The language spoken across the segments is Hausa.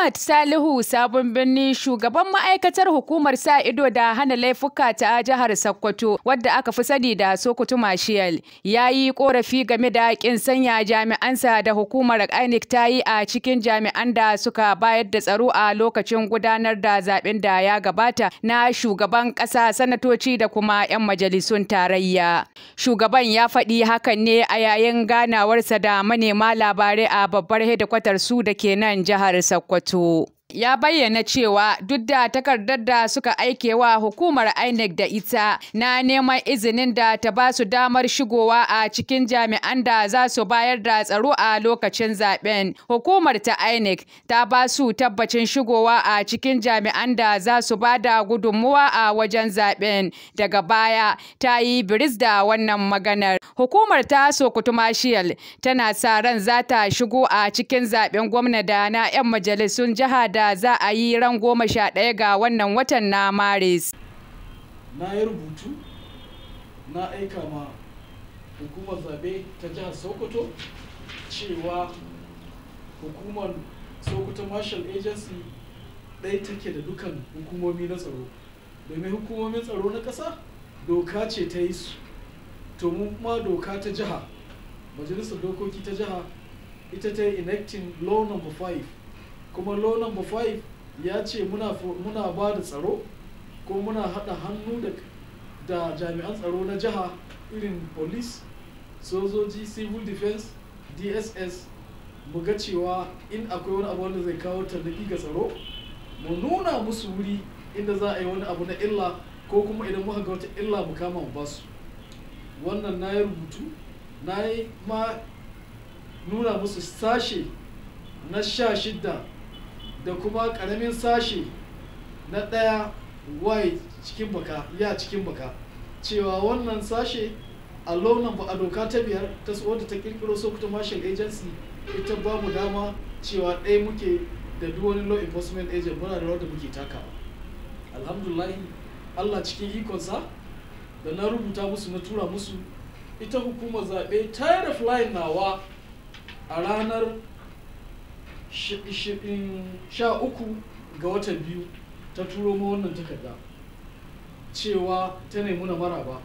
Ahmad Salihu Sabon Birni shugaban ma'aikatar hukumar sa ido da hana laifuka ta jihar Sokoto wadda aka fi sani da Sokoto Marshal ya yi korafi game da kin sanya jami'ansa da hukumar INEC ta yi a cikin jami'an da suka bayar da tsaro a lokacin gudanar da zaben da ya gabata na shugaban ƙasa sanatoci da kuma 'yan majalisun tarayya. Shugaban ya faɗi hakan ne a yayin ganawarsa da manema labarai a babbar hedikwatar su da ke nan jihar Sokoto. to ya bayyana cewa duk da takardar da suka aike wa hukumar INEC da ita na neman izinin da ta ba su damar shigowa a cikin jami'an da za su bayar da tsaro a lokacin zaben. Hukumar ta INEC ta ba su tabbacin shigowa a cikin jami'an da za su ba da gudunmuwa a wajen zaben. Daga baya ta yi biris da wannan maganar. Hukumar ta Sokoto tana sa ran za ta shigo a cikin zaben gwamna da na 'yan majalisun jiha da da za a yi ran goma sha ɗaya ga wannan watan na maris na yi rubutu na aika ma hukumar zabe ta jihar sokoto cewa hukumar sokoto marshal agency ɗaya take da dukan hukumomi na tsaro domin hukumomin tsaro na ƙasa doka ce ta yi su to kuma doka ta jiha majalisar dokoki ta jiha ita ta yi enacting law number 5 kuma lonan number five ya ce muna ba da tsaro ko muna haɗa hannu da jami'an tsaro na jiha irin police sojoji civil defense dss mu ga cewa in akwai wani abu wanda zai kawo tarnaki ga tsaro mu nuna musu wuri inda za a yi wani abu na illa ko kuma idan muka ga wata illa mu kama mu basu wannan na yi rubutu na yi ma nuna musu sashe na sha shidda da kuma karamin sashe na ɗaya y cikin baka ya cikin baka cewa wannan sashe a launin ba a doka ta biyar ta wadda ta kirkiro sokoto marshal agency ita ba mu dama cewa ɗaya muke da duk wani law enforcement agent muna da rawar da muke takawa alhamdulahi allah cikin ikonsa da na rubuta musu na tura musu ita hukumar zaɓe ta yi da flying nawa a ranar sha uku ga watan biyu ta turo ma wannan takarda cewa ta nemi na maraba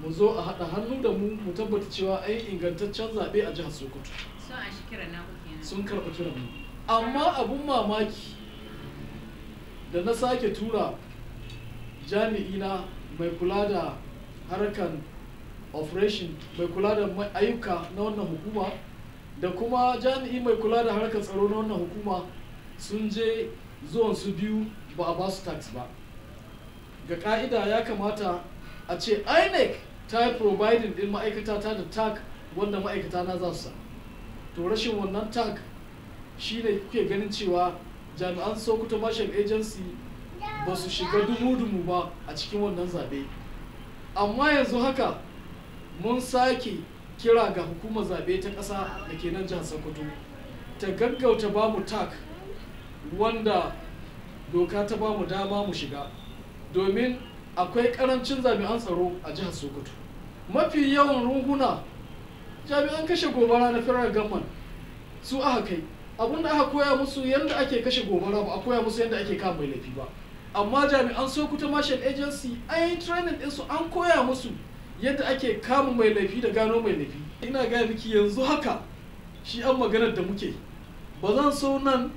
mu zo a haɗa hannu da mu mu tabbata cewa a yi ingantaccen zaɓe a jihar sokoto sun karɓi kiran mu amma abun mamaki da na sake tura jami'ina mai kula da harkan operation mai kula da ayyuka na wannan hukuma da kuma jami'i mai kula da harkar tsaro na wannan hukuma sun je zuwan su biyu ba a basu tax ba ga ka'ida ya kamata a ce inec ta yi providing din ma'aikata ta da tag wanda ma'aikata na za su sa to rashin wannan tag shi ne kuke ganin cewa jami'an sokoto marshal agency ba su shiga dumu-dumu ba a cikin wannan zaɓe amma yanzu haka mun sake kira ga hukumar zaɓe ta ƙasa da ke nan jihar sokoto ta gaggauta ba mu tak wanda doka ta ba mu dama mu shiga domin akwai karancin jami'an tsaro a jihar sokoto mafi yawan runguna jami'an kashe gobara na firar gamman su aka kai abinda aka koya musu yadda ake kashe gobara ba a koya musu yadda ake kama mai laifi ba amma jami'an sokoto martial agency an yi training ɗinsu an koya musu yadda ake kama mai laifi da gano mai laifi ina gaya miki yanzu haka shi an maganar da muke ba zan so nan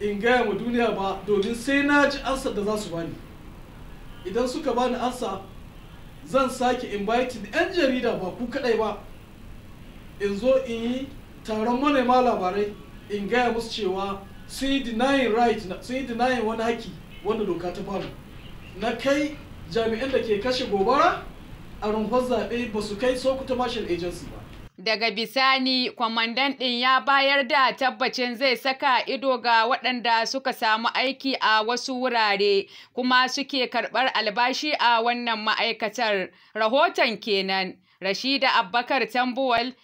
in gaya ma duniya ba domin sai na ji ansa da za su bani idan suka bani ansa zan sake inviting 'yan jarida ba ku kadai ba in zo in yi taron manema labarai in gaya musu cewa sun yi denying wani haki wanda doka ta faru na kai jami'an da ke kashe gobara a rumfar zaɓe ba su kai sokoto marshal agency ba daga bisani kwamandan ɗin ya bayar da tabbacin zai saka ido ga waɗanda suka samu aiki a wasu wurare kuma suke karɓar albashi a wannan ma'aikatar rahoton kenan rashida abbakar tambuwal